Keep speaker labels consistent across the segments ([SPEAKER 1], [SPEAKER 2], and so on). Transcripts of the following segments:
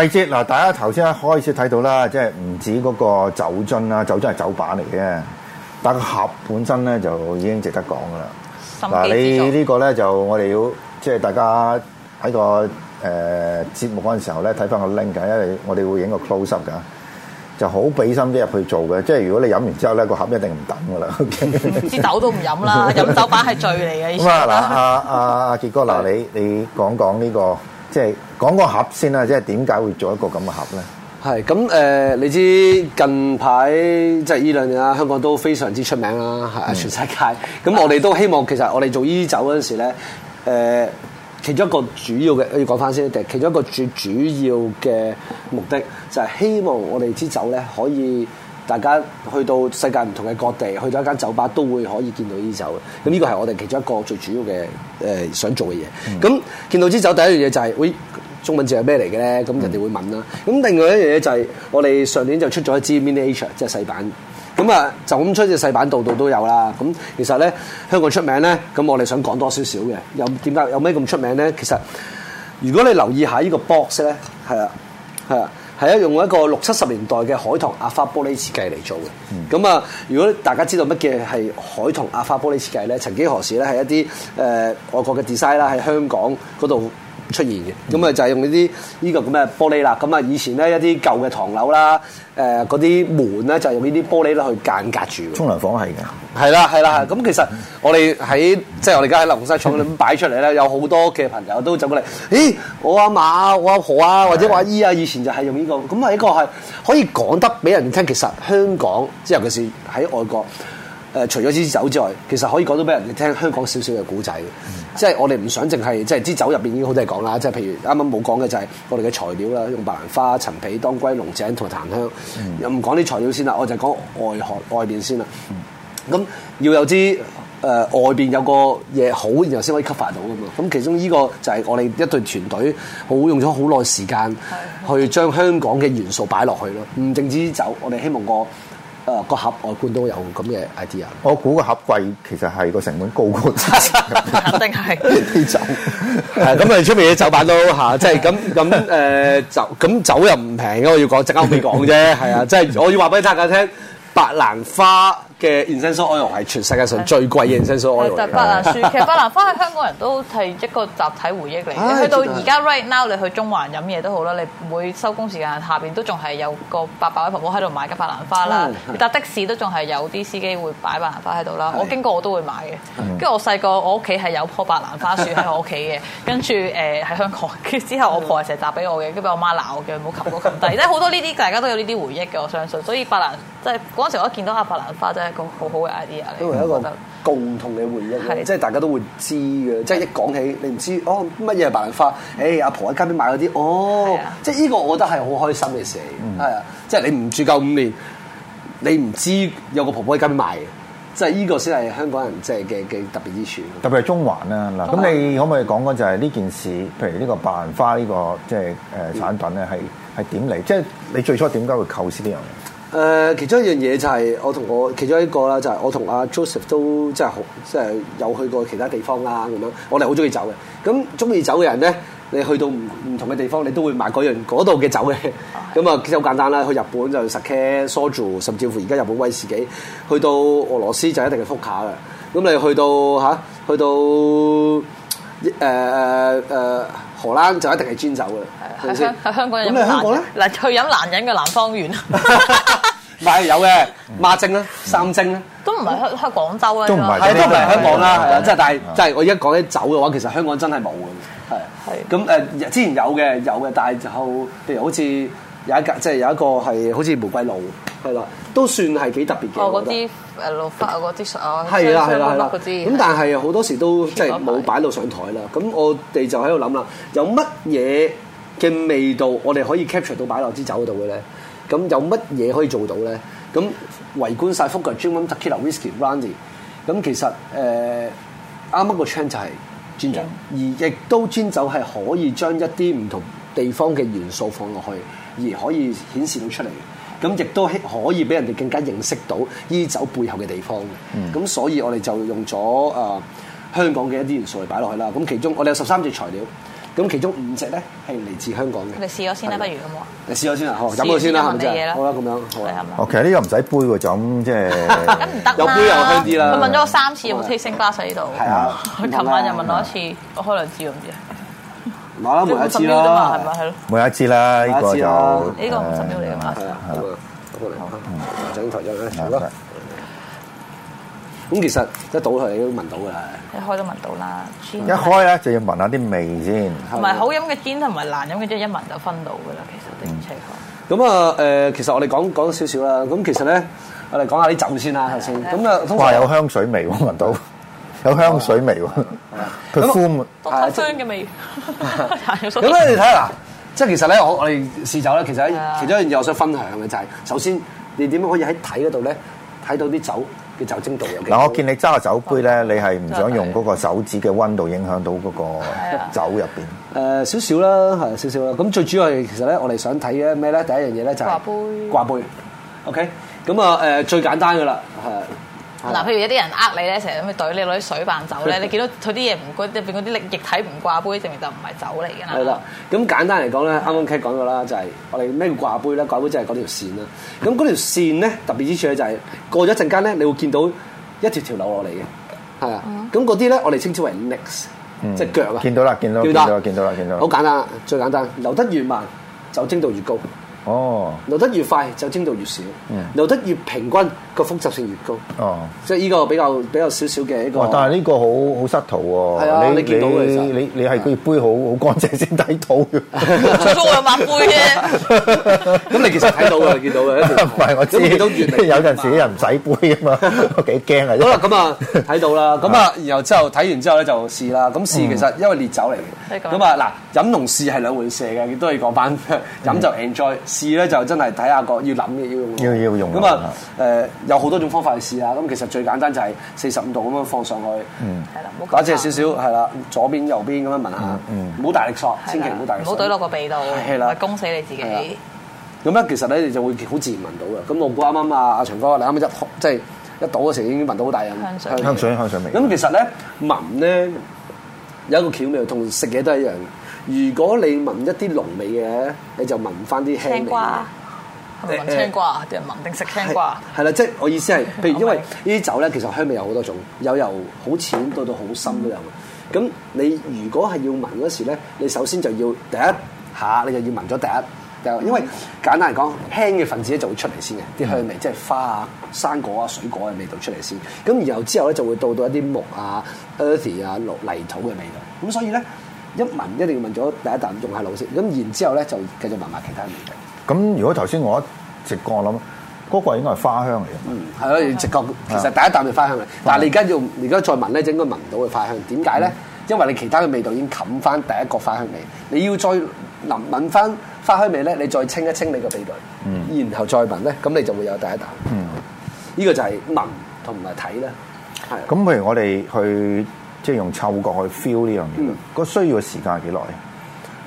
[SPEAKER 1] 第節嗱，大家頭先喺開始睇到啦，即係唔止嗰個酒樽啦，酒樽係酒板嚟嘅，但個盒本身咧就已經值得講噶啦。嗱，你呢個咧就我哋要即係、就是、大家喺個誒、呃、節目嗰陣時候咧睇翻個 link，噶，因為我哋會影個 close up 噶，就好俾心啲入去做嘅。即係如果你飲完之後咧，個盒一定唔等噶啦，
[SPEAKER 2] 支、okay? 酒都唔飲啦，飲 酒板係罪嚟嘅。咁啊
[SPEAKER 1] 嗱，阿阿阿傑哥嗱，你你講講呢個即係。講個盒先啦，即係點解會做一個咁嘅盒咧？
[SPEAKER 3] 係咁誒，你知近排即係呢兩年啦，香港都非常之出名啦，嗯，全世界。咁我哋都希望其實我哋做呢酒嗰陣時咧，誒、呃，其中一個主要嘅要講翻先，其中一個最主要嘅目的就係，是、希望我哋支酒咧，可以大家去到世界唔同嘅各地，去到一間酒吧都會可以見到呢酒嘅。咁呢個係我哋其中一個最主要嘅，呃、想做嘅嘢。咁，嗯、見到支酒第一樣嘢就係，是中文字係咩嚟嘅咧？咁人哋會問啦。咁另外一樣嘢就係、是、我哋上年就出咗一支 Miniature 即係細版。咁啊，就咁出隻細版，度度都有啦。咁其實咧，香港出名咧，咁我哋想講多少少嘅。什麼有點解有咩咁出名咧？其實如果你留意下呢個 box 咧，係啊係啊，係一、啊啊、用一個六七十年代嘅海棠壓花玻璃設計嚟做嘅。咁、嗯、啊，如果大家知道乜嘢係海棠壓花玻璃設計咧，曾經何時咧係一啲誒、呃、外國嘅 design 啦，喺香港嗰度。出現嘅，咁啊，就係、是、用呢啲呢個咁嘅玻璃啦。咁啊，以前咧一啲舊嘅唐樓啦，誒嗰啲門咧就係用呢啲玻璃咧去間隔住。沖涼房係㗎，係啦係啦。咁、嗯嗯、其實我哋喺即係我哋而家喺南豐紗廠咁擺出嚟咧，有好多嘅朋友都走過嚟。咦，我阿嫲、我阿婆啊，或者我阿姨啊，以前就係用呢、這個。咁啊，呢個係可以講得俾人聽。其實香港即係尤其是喺外國誒、呃，除咗支酒之外，其實可以講到俾人哋聽香港少少嘅古仔嘅。嗯即係我哋唔想淨係即係支酒入邊，已經好多嘢講啦。即係譬如啱啱冇講嘅就係我哋嘅材料啦，用白蘭花、陳皮、當歸、龍井同檀香，嗯、又唔講啲材料先啦，我就講外殼外邊先啦。咁、嗯、要有啲、呃、外邊有個嘢好，然後先可以吸發到噶嘛。咁其中呢個就係我哋一隊團隊好用咗好耐時間去將香港嘅元素擺落去咯。唔淨止酒，我哋希望個。誒個盒外觀都有咁嘅 idea，我估個盒貴，其實係個成本高過肯 定係啲 酒。咁， 嚟出面嘅酒板都吓，即係咁咁誒酒，咁、呃、酒又唔平嘅，我要講陣間我未講啫，係啊，即係 我要話俾大家聽，白蘭花嘅 essential oil 係全世界上最貴嘅 essential oil 啊！白蘭樹 其實白
[SPEAKER 2] 蘭花係香港人都係一個集體回憶嚟。嘅。 去到而現家 right now 你去中環飲嘢都好啦，你每收工時間下邊都仲係有個八百位婆婆喺度買緊白蘭花啦。搭 的士都仲係有啲司機會擺白蘭花喺度啦。 我經過我都會買嘅。跟 住我細個我屋企係有棵白蘭花樹喺我屋企嘅，跟住誒喺香港。跟住之後我婆係成日摘俾我嘅，跟 住俾我媽鬧嘅，冇好擒高擒低。即 好多呢啲大家都有呢啲回憶嘅，我相信。所以白蘭即係嗰陣時我一見到阿白蘭花，就係
[SPEAKER 3] 一個好好嘅 idea，因、嗯、為一個共同嘅回憶，即係大家都會知嘅。是的，即係一講起，你唔知哦，乜嘢係白蘭花？誒、嗯哎，阿婆喺街邊賣嗰啲哦，即係呢個我覺得係好開心嘅事，係、嗯、啊。即係你唔住夠五年，你唔知道有個婆婆喺街邊賣，即係呢個先係香港人即係嘅嘅特別之處。
[SPEAKER 1] 特別係中環啦，嗱，咁你可唔可以講講就係呢件事？譬如呢個白蘭花呢、這個即係誒產品咧，係係點嚟？即係你最初點解會構思呢樣嘢？
[SPEAKER 3] 誒、呃，其中一樣嘢就係我同我其中一個啦，就係我同阿 Joseph 都即係即係有去過其他地方啦咁樣。我哋好中意走嘅，咁中意走嘅人咧，你去到唔唔同嘅地方，你都會買嗰樣嗰度嘅酒嘅。咁啊，其實就好簡單啦。去日本就 Sake、Shuzo，甚至乎而家日本威士忌；去到俄羅斯就一定係福卡啦。咁你去到吓、啊、去到誒誒、呃呃、荷蘭就一定係 Gin 酒啦，係香港，
[SPEAKER 2] 咁你香港咧？嗱，去飲男人嘅南方圓。
[SPEAKER 3] 唔有嘅，孖蒸啦，三蒸咧，
[SPEAKER 2] 都唔係香喺廣州啊，都唔係，係都
[SPEAKER 3] 唔係香港啦。係啊，即係但係，即係我一講起酒嘅話，其實香港真係冇嘅。係係咁誒，之前有嘅有嘅，但係就譬如好似有一間，即係有一個係、就是、好似玫瑰露，係咯，都算係幾特別嘅。哦，嗰啲
[SPEAKER 2] 誒蘆花啊，嗰啲啊，係啦係啦係啦，嗰啲咁，但係
[SPEAKER 3] 好多時都即係冇擺到上台啦。咁我哋就喺度諗啦，有乜嘢嘅味道，我哋可以 capture 到擺落支酒嗰度嘅咧？咁有乜嘢可以做到咧？咁圍觀曬福格，專門特級威士忌 brandy。咁其實啱啱個 trend 就係 Gin 酒，而亦都 Gin 酒係可以將一啲唔同地方嘅元素放落去，而可以顯示到出嚟。咁亦都可以俾人哋更加認識到呢酒背後嘅地方嘅。咁所以我哋就用咗、呃、香港嘅一啲元素嚟擺落去啦。咁其中我哋有十三隻材料。咁其中五隻咧，係嚟自香
[SPEAKER 1] 港嘅。你試咗先啦，不如咁話。你試
[SPEAKER 2] 咗先啦，飲咗先啦，飲啲嘢啦。好啦，咁樣。好啊。哦，其實呢個唔使杯喎，就即係。咁唔得有杯有推啲啦。佢問咗我三次有冇 tasting glass 喺度。係 啊。佢琴晚又問我一次，我開兩支，唔
[SPEAKER 3] 知啊。冇啦，每一次啦，係咪係咯？每一次啦，呢、
[SPEAKER 1] 呢個就呢個五十秒嚟㗎嘛。係啊，過嚟，整台印
[SPEAKER 3] 啦，好。咁其實一倒落去都聞到噶，一開都聞到啦。
[SPEAKER 2] 一開咧
[SPEAKER 1] 就要聞
[SPEAKER 3] 下啲味先。唔係好
[SPEAKER 2] 飲嘅堅，同埋難飲嘅，即係一
[SPEAKER 3] 聞就分到㗎啦。其實啲情況。咁啊誒，其實我哋講講少少啦。咁其實咧，我哋講下啲酒先啦，先。咁啊，哇！有
[SPEAKER 1] 香水味喎，聞到有香水味喎，佢香木
[SPEAKER 3] 多香嘅味。咁咧你睇下嗱，即係其實咧，我我哋試酒咧，其實喺其中一樣嘢我想分享嘅就係，首先你點樣可以喺睇嗰度咧睇到啲酒？嘅酒精度，嗱我見你
[SPEAKER 1] 揸酒杯咧，你係唔想用嗰個手指嘅溫度影響到嗰個
[SPEAKER 3] 酒入邊？誒、 呃、少少啦，係少少啦。咁最主要係其實咧，我哋想睇嘅咩咧？第一樣嘢咧就係掛杯，掛杯。OK，咁啊誒最簡單嘅啦，係。嗱，譬如
[SPEAKER 2] 有啲人呃你咧，成日咁樣兌你攞啲水扮酒咧，你見到佢啲嘢唔嗰入邊嗰啲液體唔掛杯，證明就唔係酒嚟㗎啦。係
[SPEAKER 3] 啦，咁簡單嚟講咧，啱啱 Kit 講咗啦，就係我哋咩叫掛杯咧？掛杯即係嗰條線啦。咁嗰條線咧特別之處咧就係過咗一陣間咧，你會見到一條條流落嚟嘅，係啊。咁嗰啲咧我哋稱之為 legs，即係腳啊。見到啦，見到，見到，
[SPEAKER 1] 見到啦，見到。好簡
[SPEAKER 3] 單，最簡單，流得越慢酒精度越高。哦，流得越快酒精度越少。嗯，流得越平均，個複雜性越高，哦，即係呢個比較比較少少嘅一個。哦、但係
[SPEAKER 1] 呢個好好失圖喎，你你你你係佢杯好好乾淨先睇到，都
[SPEAKER 3] 有抹杯嘅。咁你其實睇到嘅，見到嘅，唔係我知。有
[SPEAKER 1] 陣時啲人唔使杯㗎嘛，都幾
[SPEAKER 3] 驚啊。好啦，咁啊睇到啦，咁啊，然後之後睇完之後咧就試啦。咁試其實因為烈酒嚟嘅，咁啊嗱，飲同試係兩回事嘅，亦都係講翻飲就 enjoy，試咧就真係睇下個要諗嘅，要要用。咁啊，誒。有好多種方法去試下，咁其實最簡單就係四十五度咁樣放上去，打側少少係啦，左邊右邊咁樣聞下，唔好大力索，千祈唔好大力索，唔好懟落個
[SPEAKER 2] 鼻度，係啦，攻死你自己。
[SPEAKER 3] 咁啊，其實咧你就會好自然聞到嘅。咁我啱啱阿阿祥哥，你啱啱一即係一倒嘅時候已經聞到好大陣香水香水味。咁其實咧聞咧有一個巧妙，同食嘢都係一樣。如果你聞一啲濃味嘅，你就聞翻啲輕味。
[SPEAKER 2] 係咪聞青瓜，定
[SPEAKER 3] 係聞定食青瓜。係啦，即係我意思係，譬如因為呢啲酒咧，其實香味有好多種，有由好淺到到好深都有嘅。咁你如果係要聞嗰時咧，你首先就要第一,一下你就要聞咗第一，就因為簡單嚟講，輕嘅分子咧就會出嚟先嘅，啲香味即係花啊、生果啊、水果嘅味道出嚟先。咁然後之後咧就會到到一啲木啊、earthy 啊、落泥土嘅味道。咁所以咧，一聞一定要聞咗第一啖用一下腦先。咁然之後咧就繼續聞埋其他味。咁如果頭先我一直覺我諗嗰個應該係花香嚟嘅，嗯，係咯，直覺其實第一啖係花香嚟，但係你而家要而家再聞咧，就應該聞唔到個花香。點解咧？嗯、因為你其他嘅味道已經冚翻第一個花香味。你要再能聞翻花香味咧，你再清一清你個鼻樑，嗯、然後再聞咧，咁你就會有第一啖。嗯，呢個就係聞同埋睇啦。係。
[SPEAKER 1] 咁譬如我哋去即係用嗅覺去 feel 呢樣嘢，個、嗯、需要嘅時間係幾耐？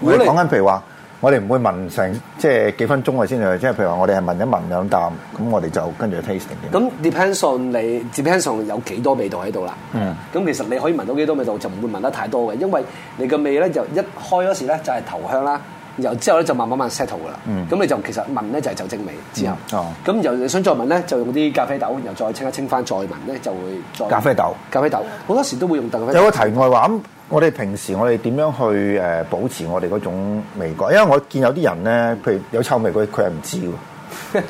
[SPEAKER 3] 如果你講緊譬
[SPEAKER 1] 如話。我哋唔會聞成即係幾分鐘啊先去，即係譬如話我哋係聞一聞兩啖，咁我哋就跟住 tasting 嘅。
[SPEAKER 3] 咁 depends on 你 depends on 有幾多味道喺度啦。嗯。咁其實你可以聞到幾多味道就唔會聞得太多嘅，因為你個味咧就一開嗰時咧就係頭香啦。由之後咧就慢慢慢 settle 噶、嗯、啦，咁你就其實聞咧就係酒精味之後，咁、嗯哦、由想再聞咧就用啲咖啡豆，然後再清一清翻再聞咧就會再咖啡豆。咖啡豆好多時都會用特。有個題外
[SPEAKER 1] 話咁，我哋平時我哋點樣去保持我哋嗰種味覺？因為我見有啲人咧，譬如有臭味，佢佢係唔知
[SPEAKER 3] 喎。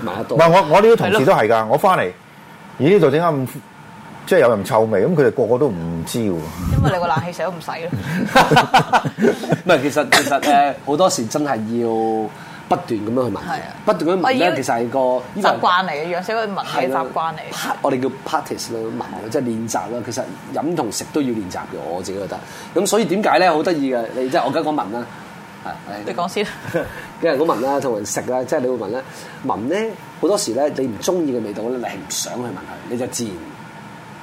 [SPEAKER 3] 唔係 我我啲同事
[SPEAKER 1] 都係噶，我翻嚟咦呢度整啱咁。即係有人臭味，咁佢哋個個都唔知喎。
[SPEAKER 2] 因為你個冷氣成日都唔使
[SPEAKER 3] 咯。唔係，其實其實誒，好、呃、 多時真係要不斷咁樣去聞，不斷咁聞咧、呃。其實係個習慣嚟嘅，養成去
[SPEAKER 2] 聞嘅習
[SPEAKER 3] 慣嚟。我哋叫 practice 咯，聞，即係練習。其實飲同食都要練習嘅，我自己覺得。咁所以點解咧？好得意嘅，你即係我而家講聞啦、 啊，你講先說。即係講聞啦，同 人食啦，即、就、係、是、你會聞咧。聞咧好多時咧，你唔中意嘅味道，你係唔想去聞，你就自然。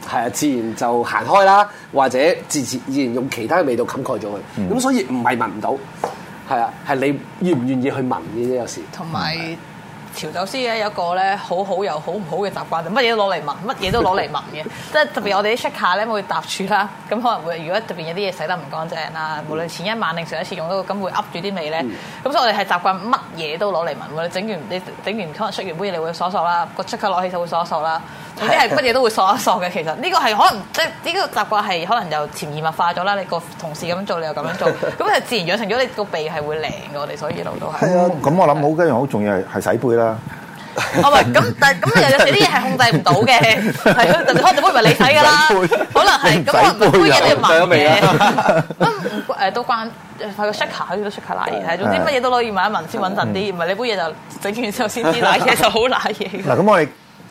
[SPEAKER 3] 係啊，自然就行開啦，或者自自然用其他嘅味道冚蓋咗佢。咁、嗯、所以唔係聞唔到，係啊，係你願唔願意去聞嘅啫。有時
[SPEAKER 2] 同埋調酒師咧有一個咧好好又好唔好嘅習慣，就乜嘢都攞嚟聞，乜嘢都攞嚟聞嘅。即 係特別我哋啲 check 下咧會搭住啦，咁可能會如果特別有啲嘢洗得唔乾淨啊，無論前一晚定上一次用到，個，咁會噏住啲味咧。咁所以我哋係習慣乜嘢都攞嚟聞。我整完你整完可能出完杯你會鎖索啦，個 check 攞起就會鎖索啦。總之係乜嘢都會嗦一嗦嘅，其實呢、呢個係可能即係呢個習慣係可能就潛移默化咗啦。你個同事咁做，你又咁樣做，咁就自然養成咗你個鼻係會靈嘅。我哋所以一路都
[SPEAKER 1] 係。咁、啊、我諗好跟住好重要係洗杯啦。
[SPEAKER 2] 哦，喂，咁，
[SPEAKER 1] 但係咁你有時啲嘢係控制唔到嘅，係 就開始杯唔係你睇㗎啦。可能係咁啊，杯嘢
[SPEAKER 2] 就聞嘢。都關、嗯、都關係個 shaker，都 shaker 奶嘢，仲有乜嘢都可以聞一聞先穩陣啲，唔係你杯嘢就整完之後先知奶嘢就好奶嘢。嗱
[SPEAKER 1] 咁我哋。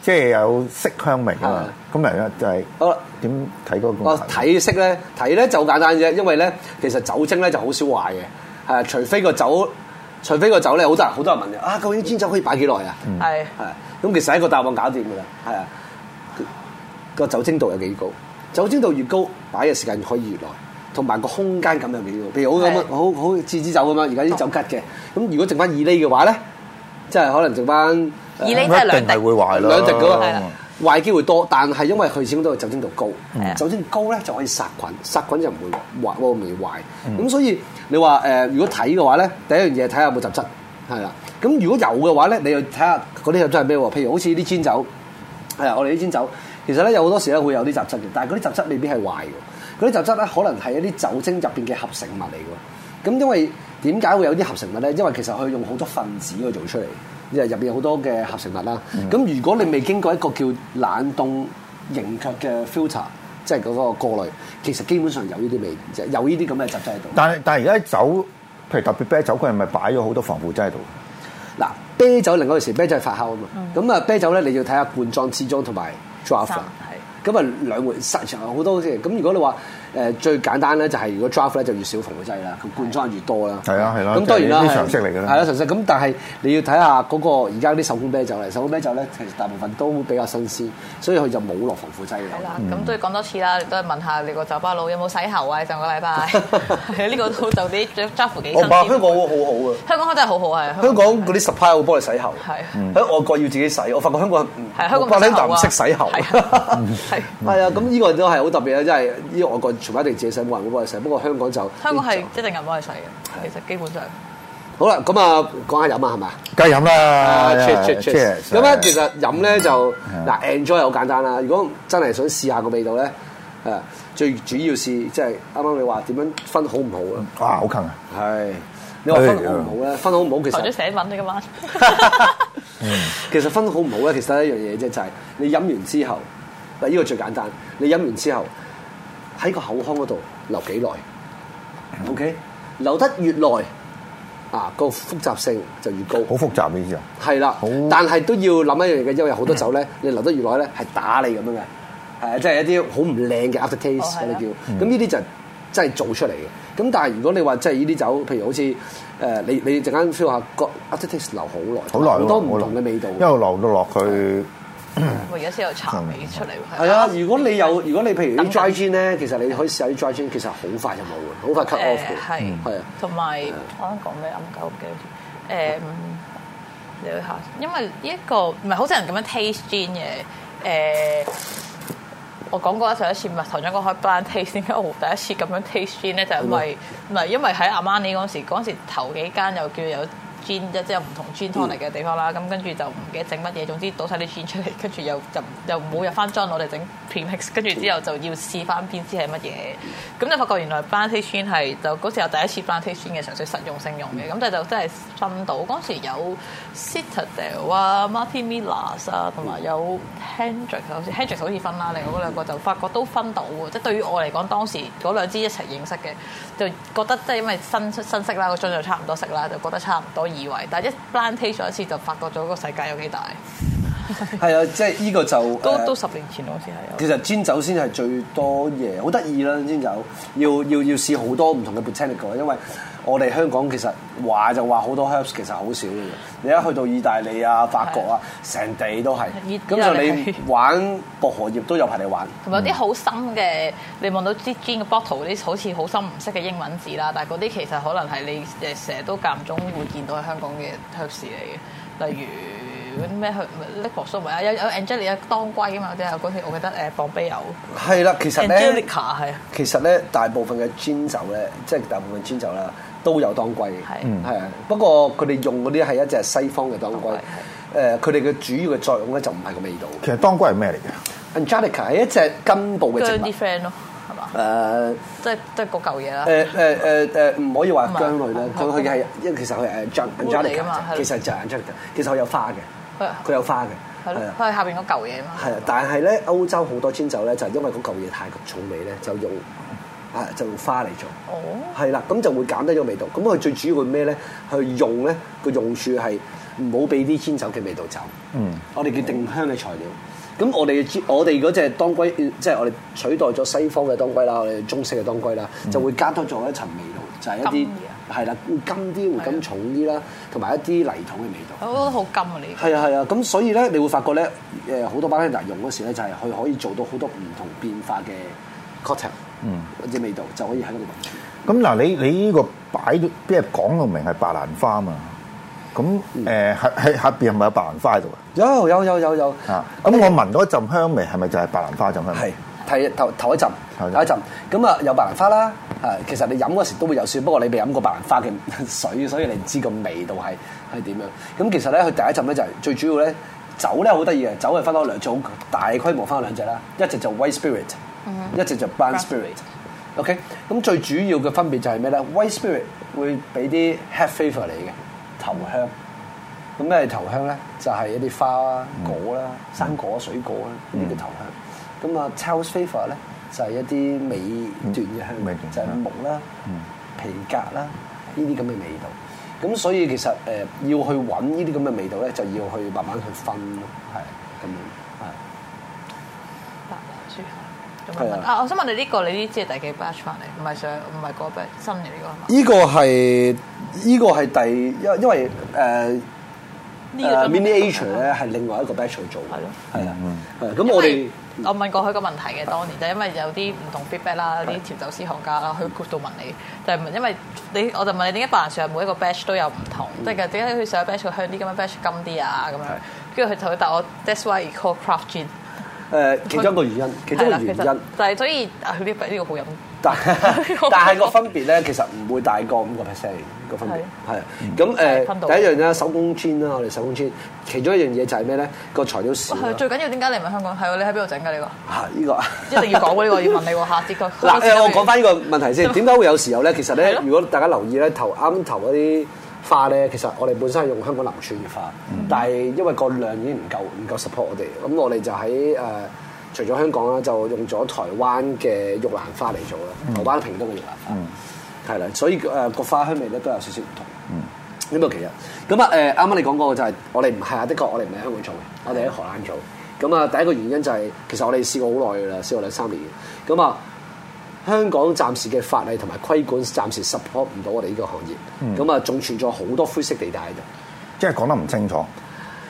[SPEAKER 1] 即係有色香
[SPEAKER 3] 味啊！今日咧就係好點睇嗰個？哦，睇色咧，睇咧就好簡單啫。因為咧，其實酒精咧就好少壞嘅。係，除非個酒，除非個酒咧好多人，好多人問你：「啊，究竟煎酒可以擺幾耐啊？係係。咁其實一個答案搞掂㗎啦。係啊，個酒精度有幾高？酒精度越高，擺嘅時間可以越耐。同埋個空間感有幾高？譬如我咁，好好似支酒咁樣。而家啲酒吉嘅，咁、哦、如果剩翻二厘嘅話咧，即係可能剩翻。你一定係會壞啦，兩隻嘅壞機會多，嗯、但係因為佢始終都係酒精度高，嗯、酒精高咧就可以殺菌，殺菌就唔會壞喎，唔會壞。咁、嗯、所以你話誒、呃，如果睇嘅話咧，第一樣嘢睇下有冇雜質，係啦。咁如果有嘅話咧，你又睇下嗰啲雜質係咩喎？譬如好似啲氈酒，係啊，我哋啲氈酒，其實咧有好多時咧會有啲雜質嘅，但係嗰啲雜質未必係壞嘅。嗰啲雜質咧可能係一啲酒精入邊嘅合成物嚟嘅。咁因為點解會有啲合成物咧？因為其實佢用好多分子去做出嚟。誒入邊有好多嘅合成物啦，咁、嗯、如果你未經過一個叫冷凍凝卻嘅 filter，即係嗰個過濾，其實基本上有呢啲味，有呢啲咁嘅雜質喺度。但係但係而家酒，譬如特別啤酒，佢係咪擺咗好多防腐劑喺度？嗱，啤酒另陣時啤酒係發酵啊嘛，咁、嗯、啊啤酒咧你要睇下罐裝、紙裝同埋 draught 咁啊兩回事有好多啫。咁如果你話，誒最簡單咧就係如果 draft 咧就越少防腐劑啦，佢灌裝越多啦。係啊係啦，咁、嗯、當然啦係，係啦常識嚟嘅。咁但係你要睇下嗰、嗰個而家啲手工啤酒嚟，手工啤酒咧其實大部分都比較新鮮，所以佢就冇落防腐劑嘅。係啦，咁、嗯、都要
[SPEAKER 2] 講多次啦，都係問下你個酒吧佬有冇洗喉啊？上個禮拜呢個都就啲 draft 幾新鮮。我話
[SPEAKER 3] 香港好香港好好嘅。
[SPEAKER 2] 香港真係好好係。香
[SPEAKER 3] 港嗰啲 supply 會幫你洗喉。係。喺外國要自己洗，我發覺香港唔。香港洗識洗喉。係。係啊，咁呢個都係好特別啊！真呢依外國。 全部一定自己洗，冇人會幫你洗。不過香港就
[SPEAKER 2] 香港係一定
[SPEAKER 3] 人幫你洗嘅，其實基本上好啦。咁啊，
[SPEAKER 1] 講下飲啊，係咪？梗係飲啦。
[SPEAKER 3] 咁、uh, 啊，其實飲咧就嗱，enjoy 好簡單啦。如果真係想試下個味道咧，誒，最主要是即係啱啱你話點樣分好唔好啊？哇，好近啊！係你話分好唔好咧？分好唔好,分好,不好了其實
[SPEAKER 2] 寫文你今晚。
[SPEAKER 3] 嗯， 其實分好唔好咧，其實一樣嘢啫，就係、是、你飲完之後嗱，依、這個最簡單，你飲完之後喺個口腔嗰度留幾耐？OK，留得越耐，啊個複雜性就越高。好複雜嘅意思啊？係啦，但係都要諗一樣嘢嘅，因為好多酒咧，你留得越耐咧，係打你咁樣嘅，係、呃、即係一啲好唔靚嘅 after taste 你、哦、叫。咁呢啲就真係做出嚟嘅。咁但係如果你話即係呢啲酒，譬如好似誒你你陣間 feel 下個 after taste 留好耐，好耐好多唔同嘅味道，因
[SPEAKER 1] 為留到落去。
[SPEAKER 3] 我而家先
[SPEAKER 2] 有茶味出嚟
[SPEAKER 3] 喎。係啊，如果你有，如果你譬如啲 dry gin 咧，其實你可以試下啲 dry gin，其實好快就冇喎，好快 cut off。係係啊，
[SPEAKER 2] 同埋、嗯、我啱講咩唔夠記住。誒、呃，你去下，因為呢、這、一個唔係好多人咁樣 taste gin 嘅。誒、呃，我講過上一次唔係頭先講開 blind taste。點解我第一次咁樣 taste gin 咧，就係、是、因為唔係因為喺阿瑪尼嗰時，嗰時頭幾間又叫有。即係有唔同磚劏嚟嘅地方啦，咁跟住就唔記得整乜嘢，總之倒晒啲磚出嚟，跟住又又又冇入翻樽，我哋整 premix，跟住之後就要試翻邊支係乜嘢，咁就發覺原來 blunt 磚係就嗰時候第一次 blunt 磚嘅，嘗試實用性用嘅，咁但就真係分到，當時有 citadel 啊、martin mills 啊，同埋有 hendrix，好似 h e n r i 好似分啦，另外嗰兩個就發覺都分到，即、就、係、是、對於我嚟講當時嗰兩支一齊認識嘅，就覺得即係因為新新色啦，個樽就差唔多色啦，就覺得差唔多。以為，但一 plantation 一次就發覺咗個世界有幾大，
[SPEAKER 3] 係啊，即係呢個就都
[SPEAKER 2] 都十年前好似係。其實
[SPEAKER 3] 氈酒先係最多嘢，好得意啦！氈酒要要要試好多唔同嘅 botanical，因為。我哋香港其實話就話好多 herbs 其實好少嘅。你一去到意大利啊、法國啊，成地都係。咁就你玩薄荷葉都有排、嗯、你玩。同埋有啲
[SPEAKER 2] 好深嘅，你望到啲樽嘅 bottle 啲，好似好深唔識嘅英文字啦。但係嗰啲其實可能係你誒成日都間唔中會見到喺香港嘅 herbs 嚟嘅。例如嗰啲咩 her，檸薄蘇咪啊，有有 Angelica 當歸啊嘛，嗰啲啊。嗰次我覺得誒放啤酒。
[SPEAKER 3] 係、uh，啦，其實咧 Angelica 係。Angelica，其實咧，大部分嘅 Gin 酒咧，即、就、係、是、大部分 Gin 酒啦。都有當歸嘅，啊、嗯，不過佢哋用嗰啲係一隻西方嘅當歸，誒，佢哋嘅主要嘅作用咧就唔係個味道。其實當歸係咩嚟嘅？Angelica 係一隻根部嘅植物。薑啲 friend 咯，係嘛？誒、呃，即係即
[SPEAKER 2] 係嗰嚿嘢啦。
[SPEAKER 3] 誒誒誒誒，唔、呃呃呃、可以話薑類啦，佢佢係因為其實佢誒 Angelica，其實就 Angelica，其實佢有花嘅，佢有花嘅，係咯，佢
[SPEAKER 2] 下邊嗰嚿嘢嘛。係
[SPEAKER 3] 啊，但係咧歐洲好多釀酒咧，就是、因為嗰嚿嘢太重味咧，就用。就用花嚟做，係、哦、啦，咁就會減低咗味道。咁佢最主要會咩咧？去用咧，個用處係唔好俾啲氈酒嘅味道走。嗯，我哋叫定香嘅材料。咁、嗯、我哋我哋嗰隻當歸，即、就、係、是、我哋取代咗西方嘅當歸啦，我哋中式嘅當歸啦、嗯，就會加多咗一層味道，就係、是、一啲係啦，會甘啲，會甘重啲啦，同埋一啲泥土嘅味道。
[SPEAKER 2] 我覺得好
[SPEAKER 3] 甘啊！你係啊係啊，咁所以咧，你會發覺咧，好多 blender 用嗰時咧，就係、是、佢可以做到好多唔同變化嘅 cocktail 嗯，嗰隻味道就可以喺嗰度。
[SPEAKER 1] 咁嗱，你你呢個擺咗邊？講到明係白蘭花嘛？咁誒，喺、嗯、喺、呃、下邊係咪有白蘭花喺度？有有有有有。啊，咁我聞到一陣香味係咪
[SPEAKER 3] 就係白蘭花陣香味？係，係頭頭一陣，一陣。咁啊，有白蘭花啦。其實你飲嗰時都會有少，不過你未飲過白蘭花嘅水，所以你唔知個味道係係點樣。咁其實咧，佢第一陣咧就係、是、最主要咧，酒咧好得意嘅酒係分咗兩組，大規模分咗兩隻啦，一隻就是 White Spirit。一直就 brown spirit，OK，right. okay? 咁最主要嘅分別就係咩咧？white spirit 會俾啲 head flavour 嚟嘅頭香，咁咩係頭香咧？就係、是、一啲花啊、果啦、生果、水果啦呢啲頭香。咁、mm. 啊 tail flavour 咧就係、是、一啲尾段嘅香，mm. 就係木啦、mm. 皮革啦呢啲咁嘅味道。咁所以其實、呃、要去揾呢啲咁嘅味道咧，就要去慢慢去分咯，咁樣。問問啊,
[SPEAKER 2] 啊！我想問你呢、這個你呢支係第幾個 batch 翻嚟？唔係上唔係個 batch 新
[SPEAKER 3] 嘅、啊、呢、這個。依、這個係依、這個係
[SPEAKER 2] 第因因為誒、呃呃、miniature
[SPEAKER 3] 咧係另外一個 batch 去做嘅。係、嗯、咯，係啊，咁、嗯
[SPEAKER 2] 啊嗯啊、我哋我問過佢一個問題嘅、嗯，當年就是、因為有啲唔同 feedback 啦、嗯，啲調酒師行家啦去 good 度問你，就問、是、因為你我就問你點解白蘭樹，每一個 batch 都有唔同？即係點解佢上 batch, 個 batch 香啲，咁嘅 batch 金啲啊咁樣？跟住佢就答我 That's why you call craft gin。
[SPEAKER 3] 誒其中一個原因，其中一個原因，但
[SPEAKER 2] 係所以啊，呢個好飲，
[SPEAKER 3] 但但係個分別咧，其實唔、啊這個、 會大過五個 percent 個分別，係咁誒。第一樣咧，手工煎啦，我哋手工煎。其中一樣嘢就係咩咧？個材料少。最
[SPEAKER 2] 緊要點解你唔喺香港？係喎，你喺邊度整㗎？呢、這個係呢、這個，一定要講呢、這個， 要問你喎。下節㗎嗱我講
[SPEAKER 3] 翻呢個問題先。點解會有時候咧？其實咧，如果大家留意咧，頭啱頭嗰啲。花咧，其實我哋本身係用香港林村嘅花，嗯、但係因為那個量已經唔夠，唔夠 support 我哋，咁我哋就喺誒、呃、除咗香港啦，就用咗台灣嘅玉蘭花嚟做啦，台灣屏、嗯、東嘅玉蘭花，係、嗯、啦，所以誒個、呃、花香味咧都有少少唔同。咁、嗯、啊，其實咁啊誒，啱啱、呃、你講過就係、是、我哋唔係啊，的確我哋唔係香港做嘅、嗯，我哋喺荷蘭做。咁啊、呃，第一個原因就係、是、其實我哋試過好耐噶啦，試過兩三年咁啊。香港暫時嘅法例同埋規管暫時 support 唔到我哋呢個行業，咁啊仲存在好多灰色地帶嘅，即係講得唔清楚。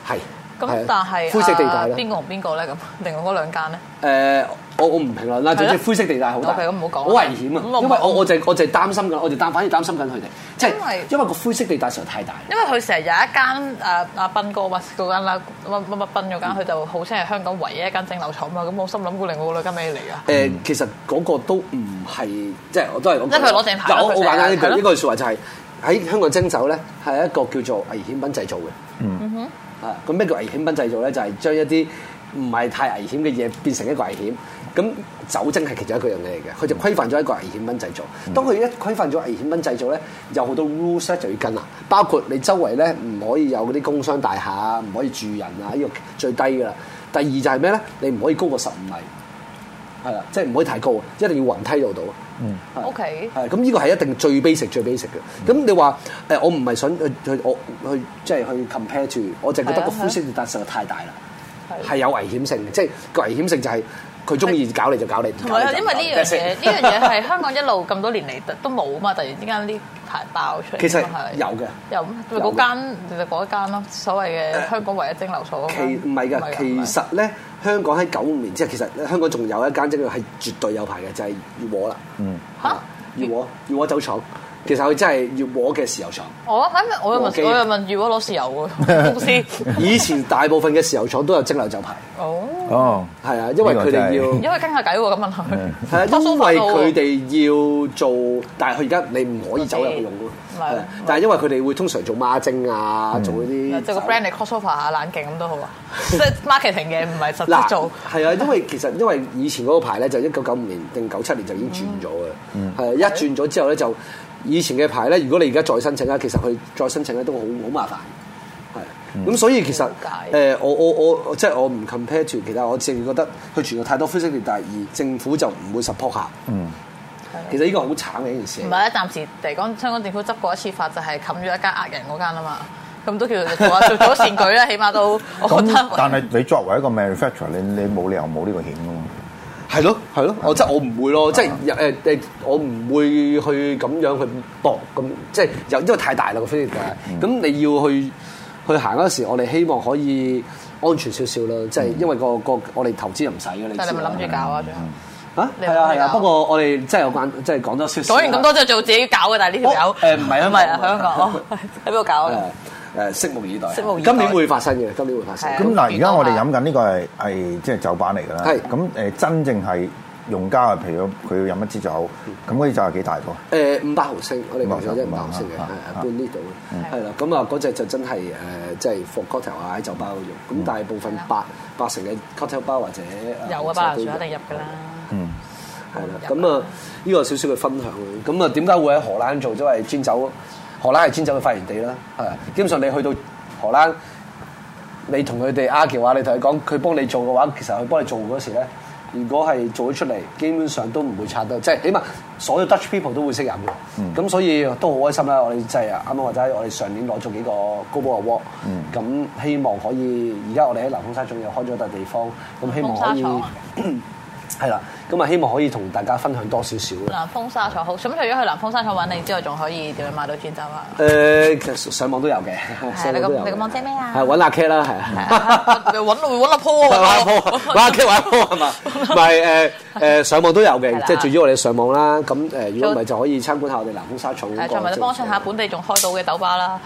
[SPEAKER 3] 係，咁但係灰色地帶邊
[SPEAKER 2] 個同邊個咧？咁另外嗰兩間
[SPEAKER 3] 咧？誒、呃。我我唔評論啦，就即、是、灰色地帶好唔好講好危險啊！因為我我就是、我就係擔心噶，我哋但反而擔心緊佢哋，即係因為、就是、因為個灰色地帶實在太大。
[SPEAKER 2] 因為佢成日有一間啊啊賓哥嗰間啦，乜乜乜賓嗰間，佢、啊、就好似係香港唯一一間蒸餾廠啊，咁我心諗估零個兩間咩嚟
[SPEAKER 3] 啊？誒、嗯，其實嗰個都唔係，即係我都係咁、那個，因攞正牌。好簡單一句，呢句説話就係、是、喺香港蒸酒咧，係一個叫做危險品製造嘅。嗯、哼，啊，咁咩叫危險品製造咧？就係、是、將一啲唔係太危險嘅嘢變成一個危險。咁酒精係其中一個樣嘢嚟嘅，佢就規範咗一個危險品製造。當佢一規範咗危險品製造咧，有好多 rules 就要跟啦，包括你周圍咧唔可以有嗰啲工商大廈啊，唔可以住人啊，呢、呢個最低噶啦。第二就係咩咧？你唔可以高過十五米，係啦，即係唔可以太高，一定要雲梯度到。
[SPEAKER 2] OK 咁，呢、okay.
[SPEAKER 3] 個係一定最 basic 最 basic 嘅。咁你話誒，我唔係想去我去即係、就是、去 compare 住，我就係覺得個呼吸負擔實在太大啦，係有危險性嘅，即係個危險性就係、是。佢中意搞你就搞你，同埋因為呢樣嘢，呢樣嘢
[SPEAKER 2] 係香港一路咁多年嚟都冇嘛，突然之間呢排爆出嚟，其實係有嘅，有嗰間就係嗰間咯，所謂嘅香港唯一蒸留所蒸餾。其實唔係㗎，其實
[SPEAKER 3] 咧香港喺九五年之後，其實香港仲有一間蒸餾係絕對有牌嘅，就係悅和啦。嗯，嚇？悅和悅和酒廠。其實佢真係要攞嘅豉油廠。
[SPEAKER 2] Oh, 我睇我又問， 我又問要攞攞豉油嘅公司。
[SPEAKER 3] 以前大部分嘅豉油廠都有蒸餾酒牌。哦。哦。係啊，因為佢哋要。因
[SPEAKER 2] 為傾下偈喎，咁問
[SPEAKER 3] 佢。佢、mm、哋 -hmm. 要做，但係佢而家你唔可以走入去用嘅。但係因為佢哋會通常做孖蒸啊，做嗰啲。做就個
[SPEAKER 2] brand 嚟 crossover 下冷勁咁都好啊。即係 marketing 嘅，唔 係實質做。
[SPEAKER 3] 係啊，因為其實因為以前嗰個牌咧，就一九九五年定九七年就已經轉咗嘅。嗯。啊，一轉咗之後咧就。以前嘅牌咧，如果你而家再申請咧，其實佢再申請咧都好好麻煩，係。咁、嗯、所以其實誒、嗯呃，我我我即係我唔 compare 住其他，我淨係覺得佢存在太多灰色地帶，而政府就唔會 support 下、嗯。其實呢個好慘嘅一件事。唔
[SPEAKER 2] 係啊，暫時嚟講，香港政府執過一次法，就係冚住一間呃人嗰間啊嘛，咁都叫做做咗善舉啦， 起碼都。 但
[SPEAKER 1] 係 你作為一個 manufacturer，你你冇理由冇呢個險
[SPEAKER 3] 㗎嘛？係咯，係咯，我即係我唔會咯，即係又誒我唔會去咁樣去搏咁，即係又因為太大啦個飛碟架咁你要去去行嗰時候，我哋希望可以安全少少啦，即係因為個個我哋投資又唔使嘅，你。但係咪諗住搞啊？啊，係啊係啊，不過我哋真係有關，即係講咗少少。講完咁多都係
[SPEAKER 2] 做自己搞嘅，但係呢條友誒唔係啊，唔係啊，不的不香港喺邊度搞
[SPEAKER 3] 啊？誒，拭目以待。今年會發生嘅，今年會發生。咁嗱，而家我哋飲
[SPEAKER 1] 緊呢個係係即係酒辦嚟㗎啦。咁誒，真正係用家係譬如佢要飲一支酒，咁嗰支酒係幾大個？
[SPEAKER 3] 誒，五百毫升，我哋講緊一百毫升嘅，係半呢度，係啦。咁啊，嗰隻就真係誒，即係放 cocktail 喺酒吧度種。咁大部分八八成嘅 cocktail bar，或者有啊，百毫升一定入㗎啦。嗯，係啦。咁啊，呢個少少嘅分享咁啊，點解會喺荷蘭做咗係氈酒？荷蘭係氈酒嘅發源地啦，係基本上你去到荷蘭，你同佢哋 argue 話，你同佢講佢幫你做嘅話，其實佢幫你做嗰時咧，如果係做咗出嚟，基本上都唔會拆得，即、就、係、是、起碼所有 Dutch people 都會識飲嘅，咁、嗯、所以都好開心啦。我哋就係啊啱啱或者我哋上年攞咗幾個 Global Award，咁希望可以。而家我哋喺南風山仲有開咗一笪地方，咁希望可以係啦。 咁啊，希望可以同大家分享多少少。南
[SPEAKER 2] 豐紗廠好，咁除咗去南豐紗廠揾你之外，仲可以點樣買
[SPEAKER 3] 到樽酒啊？誒、呃，
[SPEAKER 2] 上
[SPEAKER 3] 網都有嘅。你個你個
[SPEAKER 2] 網訂咩啊？係揾阿 K 啦，係啊。揾揾揾阿阿
[SPEAKER 3] 坡。揾阿 K，揾阿坡係嘛？唔係，誒上網都有嘅，即係最主要我哋上網啦。咁誒、啊，如果唔係就可以參觀下我哋南豐紗廠同埋你仲埋幫襯
[SPEAKER 2] 下本地仲開到嘅酒吧啦。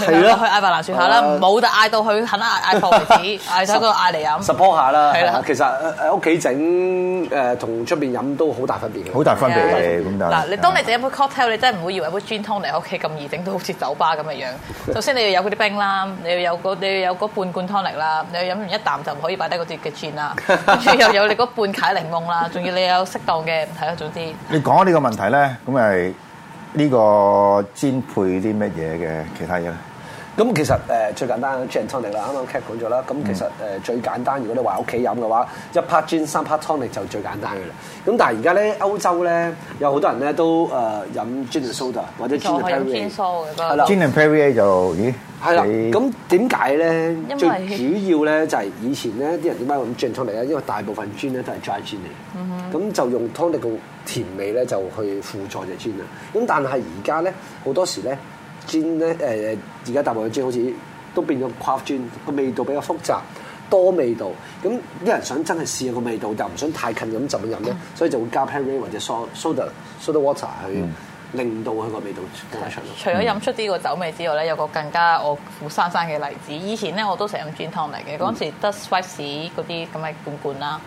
[SPEAKER 3] 係咯，去
[SPEAKER 2] 艾伯蘭試下啦。冇得嗌到佢肯嗌嗌貨嚟止，嗌到嗌嚟飲。support
[SPEAKER 3] 下啦。係啦，其實誒屋企整誒。同出面飲都好大分別嘅，好大分別嘅咁。嗱，你當你
[SPEAKER 2] 整一杯 cocktail，你真係唔會以為一杯樽湯嚟喺屋企咁易整到好似酒吧咁嘅樣。 首先你要有嗰啲冰啦，你要有你要有嗰半罐湯力啦，你要飲完一啖就唔可以擺低嗰啲嘅樽啦，跟住又有你嗰半塊檸檬啦，仲要你有適當嘅唔睇啦，總之。
[SPEAKER 1] 你講呢個問題咧，咁係呢個 Gin 配啲乜嘢嘅其他嘢
[SPEAKER 3] 咧？咁其實誒最簡單 gin tonic 啦，啱啱 Kit 講咗啦。咁其實最簡單，如果你話屋企飲嘅話，一 part gin 三 part tonic 就最簡單嘅啦。咁但係而家咧，歐洲咧有好多人咧都誒飲 gin soda 或者 gin perrier Gin。gin perrier 就咦？係、欸、啦。咁點解咧？呢最主要咧就係以前咧啲人點解會飲 gin tonic 咧？因為大部分 gin 都係 dry gin 嚟、嗯，咁就用 tonic 嘅甜味咧就去輔助隻 gin，咁但係而家咧，好多時咧。煎咧，誒而家大陸嘅煎好似都變咗跨煎，個味道比較複雜，多味道。咁啲人想真係試下個味道，但唔想太近咁浸咁飲咧，所以就會加 pairry 或者 soda soda water 去令到佢個味道更加、嗯、出。除咗飲
[SPEAKER 2] 出啲個酒味之外咧，嗯、有一個更加我苦生生嘅例子。以前咧我都成日飲磚湯嚟嘅，嗰陣時得 swiss 嗰啲咁嘅罐罐啦。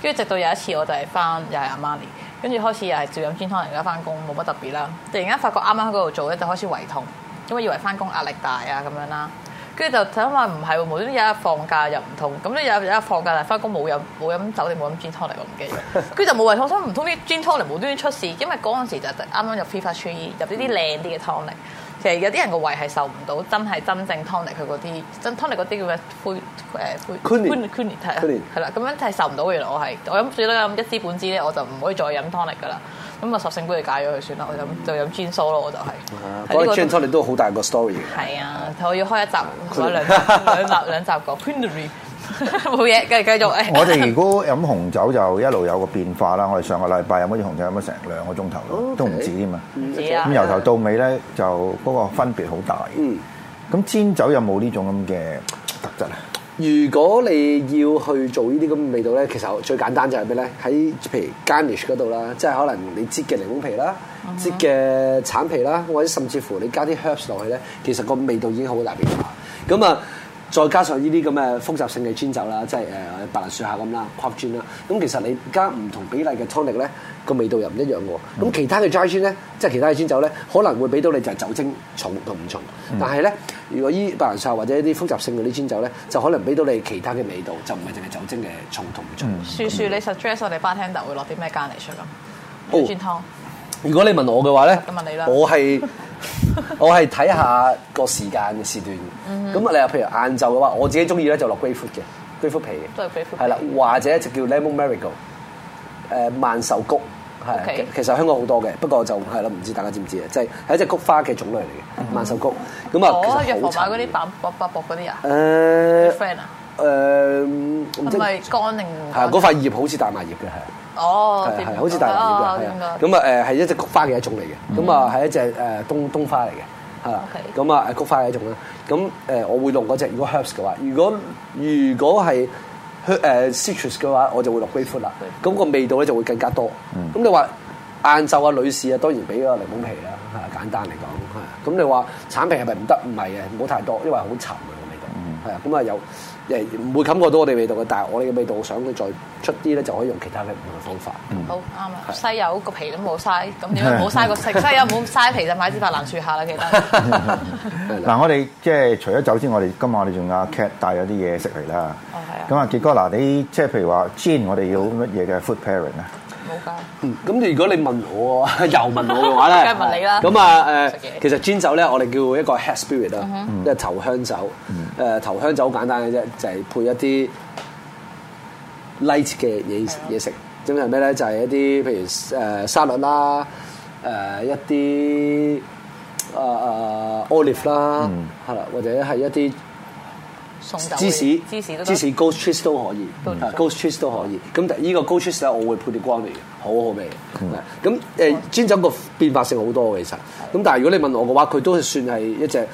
[SPEAKER 2] 跟住直到有一次我就係翻又係阿媽嚟，跟住開始又係照飲 Gin Tonic，而家翻工冇乜特別啦。突然間發覺啱啱喺嗰度做咧就開始胃痛，咁我以為翻工壓力大啊咁樣啦。跟住就諗問唔係喎，無端有一日放假又唔痛，咁你有一日放假但係翻工，冇飲冇飲酒，你冇飲 Gin Tonic，我唔記得。跟住就冇胃痛，咁唔通啲 Gin Tonic 無端端出事？因為嗰陣時就啱啱入 Fever Tree，入呢啲靚啲嘅 Tonic。其實有啲人個胃係受唔到，真係真正湯力。佢嗰啲，真湯力，嗰啲叫咩？灰誒灰。Culin，係啦，咁樣係受唔到。原來我係，我諗最多咁一支半支咧，我就唔可以再飲湯力 n i 噶啦。咁啊，索性幫佢解咗佢算啦。我飲就飲 gin soda 咯，我就係。
[SPEAKER 3] 嗰、就是啊呢個湯力都好大個 story。
[SPEAKER 2] 係啊，啊，我要開一集，開兩集 兩,兩,兩集個 冇 嘢，繼繼續。我哋如
[SPEAKER 1] 果飲紅酒就一路有個變化啦。我哋上個禮拜飲嗰支紅酒飲咗成兩個鐘頭都唔止添啊。唔止啊！咁由頭到尾咧，就嗰個分別好大。嗯。咁氈酒有冇呢種咁嘅特質咧？
[SPEAKER 3] 如果你要去做呢啲咁嘅味道咧，其實最簡單就係咩咧？喺譬如 garnish 嗰度啦，即係可能你擠嘅檸檬皮啦，擠、uh、嘅 -huh. 橙皮啦，或者甚至乎你加啲 herbs 落去咧，其實個味道已經好大變化。咁啊。Uh-huh. 再加上呢啲咁嘅複雜性嘅氈酒啦，即係誒白蘭樹下咁啦，闊磚啦。咁其實你加唔同比例嘅湯力咧，個味道又唔一樣喎。咁、嗯、其他嘅齋氈咧，即係其他嘅氈酒咧，可能會俾到你就係酒精重同唔重。嗯、但係咧，如果依白蘭樹下或者一啲複雜性嘅啲氈酒咧，就可能俾到你其他嘅味道，就唔係淨係酒精嘅重同唔重。
[SPEAKER 2] 樹、嗯、樹、嗯，說說你 suggest 我哋 bartender 會落啲咩咖嚟出㗎？闊、哦、磚
[SPEAKER 3] 湯。如果你問我嘅話咧，問你我係。 我係睇下個時間嘅時段的，咁、嗯、啊，你話譬如晏晝嘅話，我自己中意咧就落 grapefruit 嘅 grapefruit 皮嘅，都係
[SPEAKER 2] grapefruit、係啦，
[SPEAKER 3] 或者就叫 Lemon Marigold，誒、呃、萬壽菊，okay。其實香港好多嘅，不過就係啦，唔知大家知唔知啊？就係、是、係一隻菊花嘅種類嚟嘅、嗯、萬壽菊，咁啊、嗯，其實好差、哦。藥房買嗰啲
[SPEAKER 2] 薄薄薄薄嗰啲啊？誒、呃、friend 啊、呃？
[SPEAKER 3] 誒係
[SPEAKER 2] 咪乾寧？係啊，嗰塊
[SPEAKER 3] 葉好似大麻葉嘅係。
[SPEAKER 2] 哦，係啊，好、嗯、似大紅點嘅，係、哦、啊，咁
[SPEAKER 3] 啊誒係一隻菊花嘅一種嚟嘅，咁啊係一隻誒冬冬花嚟嘅，係、嗯、啦，咁啊菊花嘅一種啦，咁、嗯、誒我會用嗰隻，如果係 herbs 嘅話，如果、嗯、如果係誒、uh, citrus 嘅話，我就會落 grapefruit 啦，咁個味道咧就會更加多，咁、嗯、你話晏晝啊女士啊當然俾個檸檬皮啦，係簡單嚟講，係，咁你話橙皮係咪唔得？唔係嘅，唔好太多，因為好沉嘅個味道。係、嗯、啊，咁啊有。唔會感覺到我哋味道嘅，但係我哋嘅味道，我味道想佢再出啲咧，就可以用其他唔同嘅方法。嗯、好啱啊！
[SPEAKER 2] 西柚個皮都冇嘥，咁點樣冇嘥個食，西柚冇嘥皮就買支白蘭樹下啦。其
[SPEAKER 1] 實，嗱，我哋即係除咗酒之外，今晚我哋今日我哋仲有 Kit 帶咗啲嘢食嚟啦。咁、哦、啊，杰哥，嗱，你即係譬如話 Gin 我哋要乜
[SPEAKER 3] 嘢嘅 food pairing 咧？冇、嗯、㗎。咁如果你問我，又問我嘅話咧，梗係問你啦。咁啊誒，其實 Gin 酒咧，我哋叫一個 head spirit 啦、嗯，即係頭香酒。嗯誒、呃、頭香酒好簡單嘅啫，就係、是、配一啲 light 嘅嘢嘢食，主要係咩咧？就係、是就是、一啲譬如誒、呃、沙律啦，誒、呃、一啲誒誒 olive 啦、嗯，係啦，或者係一啲芝士、芝士、g o goat cheese 都可以，goat cheese 都可以。咁但依個 goat cheese 咧，我會配啲光味嘅、呃，好好味咁。誒，氈酒個變化性好多嘅其實，咁但係如果你問我嘅話，佢都算係一隻。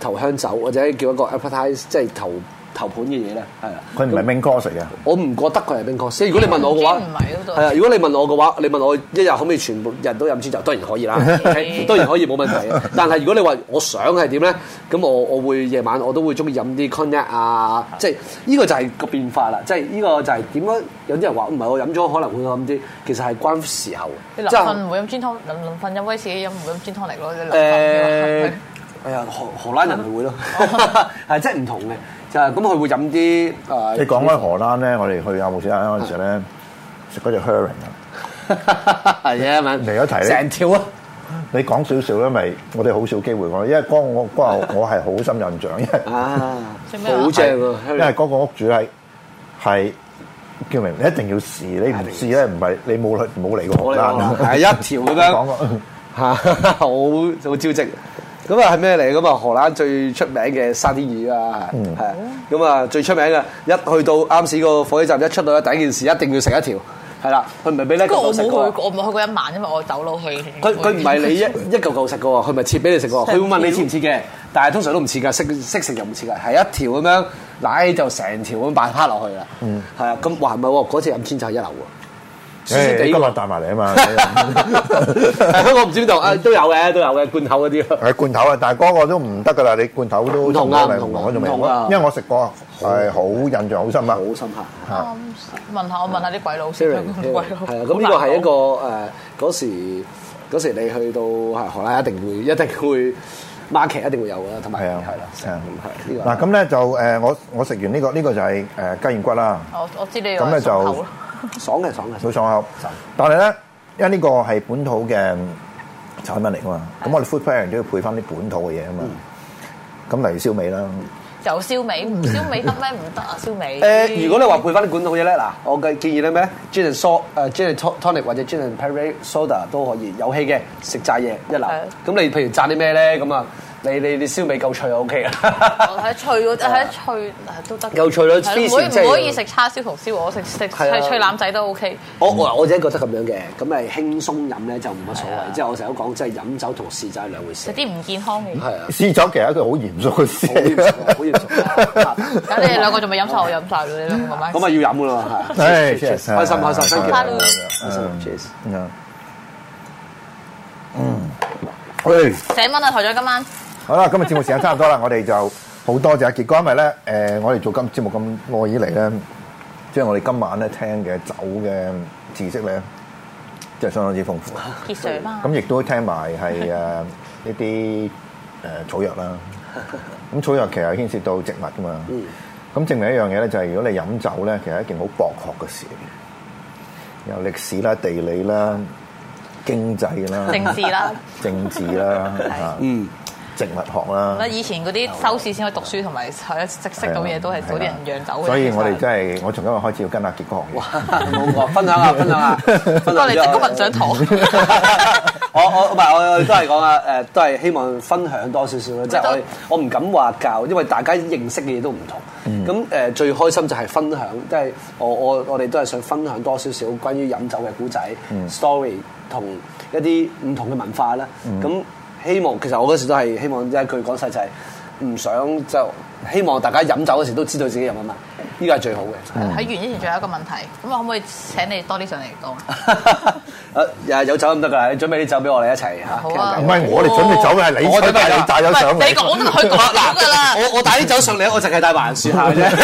[SPEAKER 3] 頭香酒或者叫一個 appetizer 即係頭頭盤嘅嘢咧，係啦。佢唔係 main course 嘅、嗯。我唔覺得佢係 main course。如果你問我嘅話，係啊。如果你問我嘅話，你問我一日可唔可以全部人都飲氈酒，當然可以啦， 當然可以冇問題。但係如果你話我想係點咧，咁我我會夜晚我都會鍾意飲啲 conet 啊，即係呢個就係個變化啦。即係呢個就係點解有啲人話唔係我飲咗可能會咁啲，其實係關乎時候。即係唔會
[SPEAKER 2] 飲氈湯，臨
[SPEAKER 3] 臨瞓飲威士忌，飲唔會飲氈湯力咯。誒。哎呀荷荷蘭人咪會咯，係，即係唔同嘅、嗯，就係咁佢會飲啲誒。你講開荷
[SPEAKER 1] 蘭咧，我哋去阿姆斯特丹嗰時候咧，食嗰隻 herring，係啊咪，嚟咗一齊成條啊！你講少少咧，咪我哋好少機會講，因為嗰、那個、我、那個、我我係好深印象， 因
[SPEAKER 3] 為啊，好正喎，因為
[SPEAKER 1] 嗰個屋主係係叫明，你一定要試，你唔試咧唔係你冇冇嚟過荷蘭啊，係 一條咁這樣，
[SPEAKER 3] 吓 好好招積。咁啊係咩嚟噶嘛，荷蘭最出名嘅沙丁魚啊，咁啊、嗯、最出名嘅，一去到啱市個火車站一出到，第一件事一定要食一條係啦，佢唔係畀你，不過我冇
[SPEAKER 2] 去，我冇去過，一晚因為我走佬去，佢唔係你
[SPEAKER 3] 一 一舊食食喎，佢咪切畀你食喎。佢會問你切唔切嘅，但係通常都唔切㗎。識識食又唔切㗎，係一條咁樣奶就成條咁擺黑落去啦，係啊，咁話係咪次暗先就係一流喎誒、哎、今日帶埋嚟啊嘛！香港唔知邊度誒都
[SPEAKER 1] 有嘅，都有嘅罐頭嗰啲。係罐頭啊，但係嗰個都唔得噶啦！你罐頭都唔同啊，唔、嗯、同啊，因為我食過係、哎、好印象好深，深刻，好深
[SPEAKER 3] 刻
[SPEAKER 2] 嚇。問下我問下啲鬼佬先，鬼
[SPEAKER 3] 佬係啊！咁、嗯、呢個係一個誒嗰、呃、時，時你去到係荷蘭一定會一定會 market 一,一定會有㗎喇，同埋係啊，係啦，咁係呢個。嗱
[SPEAKER 1] 咁咧就誒我我食完呢個呢個就係、是、誒、呃、雞軟骨啦。我
[SPEAKER 3] 我知你有咁咧就。爽
[SPEAKER 1] 嘅，爽嘅，好爽口，但係咧，因為呢個係本土嘅產品嚟噶嘛，咁我哋 food pairing 都要配翻啲本土嘅嘢啊嘛，咁、嗯、例如燒味啦，
[SPEAKER 2] 就燒味，燒味得咩唔得啊？燒味誒、呃，如
[SPEAKER 3] 果你話配翻啲本土嘢咧，嗱，我嘅建議咧咩 Gin salt，Gin、uh, Gin tonic 或者 Gin pare soda 都可以，有氣嘅食炸嘢一流。咁你譬如炸啲咩咧？咁啊。你你你燒味夠脆就
[SPEAKER 2] O K 啦，喺、OK、脆嗰喺 脆都得，夠脆啦。唔會唔可以食叉燒同燒鵝，我食食脆脆腩仔都 O、OK、
[SPEAKER 3] K。我我我即係覺得咁樣嘅，咁咪輕鬆飲咧就冇乜所謂。即係、啊、我成日都講，即係飲酒同試酒係兩回事。食
[SPEAKER 2] 啲唔健康
[SPEAKER 3] 嘅。係啊，是啊試試，試酒其實一個好嚴肅嘅事。好嚴
[SPEAKER 2] 肅，咁你兩個仲未飲晒我飲晒你兩個
[SPEAKER 3] 咁咪要飲噶啦，係、啊 hey,。開心開心開心
[SPEAKER 1] 嗯，去、嗯。
[SPEAKER 2] 幾、hey. 蚊啊台長今晚？
[SPEAKER 1] 好啦，今日節目時間差唔多啦， 我哋就好多謝杰哥，因為咧，誒、呃，我哋做今節目咁耐以嚟咧，即係我哋今晚咧聽嘅酒嘅知識咧，即係相當之豐富。杰 Sir 嘛。咁亦都聽埋係誒呢啲誒草藥啦。咁 草藥其實牽涉到植物噶嘛。咁證明一樣嘢咧，就係如果你飲酒咧，其實係一件好博學嘅事，有歷史啦、地理啦、經濟啦、政治啦、 政治啦，吓， 嗯。植物學啦、啊，以
[SPEAKER 2] 前嗰啲收市先去讀書，同埋係識識到嘢都係嗰啲人釀酒，所以我哋
[SPEAKER 1] 真係，我從今日開始要跟阿傑哥學。分享下， 分享下了，多
[SPEAKER 3] 你幾個雲上圖。我我唔係，我都係講啊，誒、呃，都係希望分享多少少嘅，即 係我我唔敢話教，因為大家認識嘅嘢都唔同。咁、嗯、誒、呃，最開心就係分享，即、就、係、是、我我我哋都係想分享多少少關於飲酒嘅古仔、story 和一些不同一啲唔同嘅文化啦。咁、嗯。希望其實我嗰時都係希望，一句佢講曬就係、是、唔想就希望大家飲酒嗰時都知道自己飲啊嘛。嗯。呢個係最好
[SPEAKER 2] 嘅。喺完之前仲有
[SPEAKER 3] 一個問題，咁我可唔可以請你多啲上嚟講？誒、 啊，有酒咁得㗎，你準備啲酒俾我哋一齊嚇。唔係、啊呃、我哋準備酒嘅係你，是你，我哋帶你帶咗上嚟。唔係你講得去講啦，我我帶啲酒上嚟，我淨係帶白蘭樹下啫。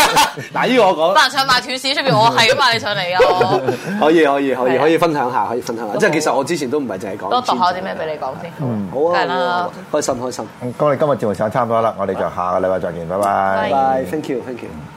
[SPEAKER 3] 嗱， 依、這個我講。
[SPEAKER 2] 白、啊、蘭上賣斷線出邊，面我係咁你
[SPEAKER 3] 上嚟㗎。 可以可以可以可以分享下，可以分享下。即係其實我之前都唔係淨係講。多讀下啲咩俾你講先、
[SPEAKER 2] 嗯，
[SPEAKER 1] 好啊，係啦，開心開心。咁我哋今日節目時間差唔多啦，我哋就下個禮拜再見，拜拜。Bye. 拜拜 ，thank you，thank you。You.